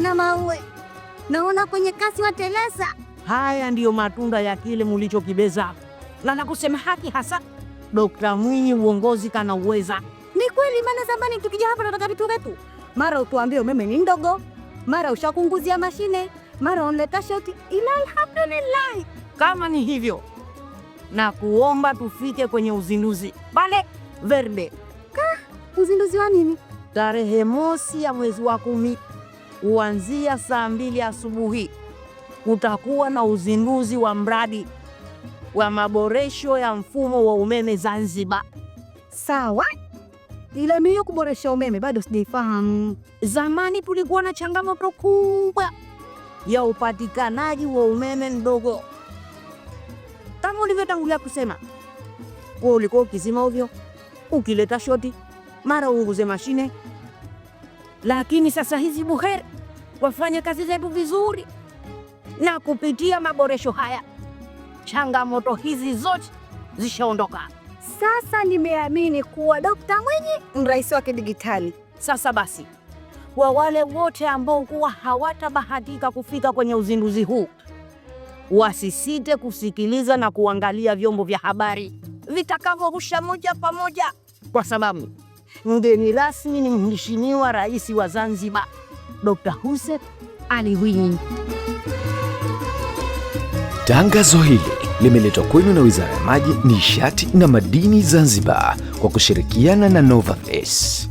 naona mawe, naona kwenye kasi wateleza. Haya ndiyo matunda ya kile mulichokibeza, na nakusema haki hasa Dokta Mwinyi uongozi kana uweza. Ni kweli, maana zamani tukija hapa tunataka vitu vyetu, mara utuambie umeme ni ndogo, mara ushakunguzia mashine, mara unleta shoti, ila alhamdulillahi. Kama ni hivyo, na kuomba tufike kwenye uzinduzi pale Verde. Ka uzinduzi wa nini? Tarehe mosi ya mwezi wa kumi kuanzia saa mbili asubuhi kutakuwa na uzinduzi wa mradi wa maboresho ya mfumo wa umeme Zanzibar. Sawa, ila miyo kuboresha umeme bado sijaifahamu. Zamani tulikuwa na changamoto kubwa ya upatikanaji wa umeme mdogo, kama ulivyotangulia kusema, kwa ulikuwa ukizima ovyo, ukileta shoti mara uunguze mashine lakini sasa hizi buheri wafanye kazi zetu vizuri, na kupitia maboresho haya changamoto hizi zote zishaondoka. Sasa nimeamini kuwa Dokta Mwinyi ni rais wa kidigitali. Sasa basi, kwa wale wote ambao kuwa hawatabahatika kufika kwenye uzinduzi huu wasisite kusikiliza na kuangalia vyombo vya habari vitakavyorusha moja kwa moja, kwa sababu mgeni rasmi ni Mheshimiwa Rais wa Zanzibar Dr. Hussein Ali Mwinyi. Tangazo hili limeletwa kwenu na Wizara ya Maji, Nishati na Madini Zanzibar kwa kushirikiana na Novaphase.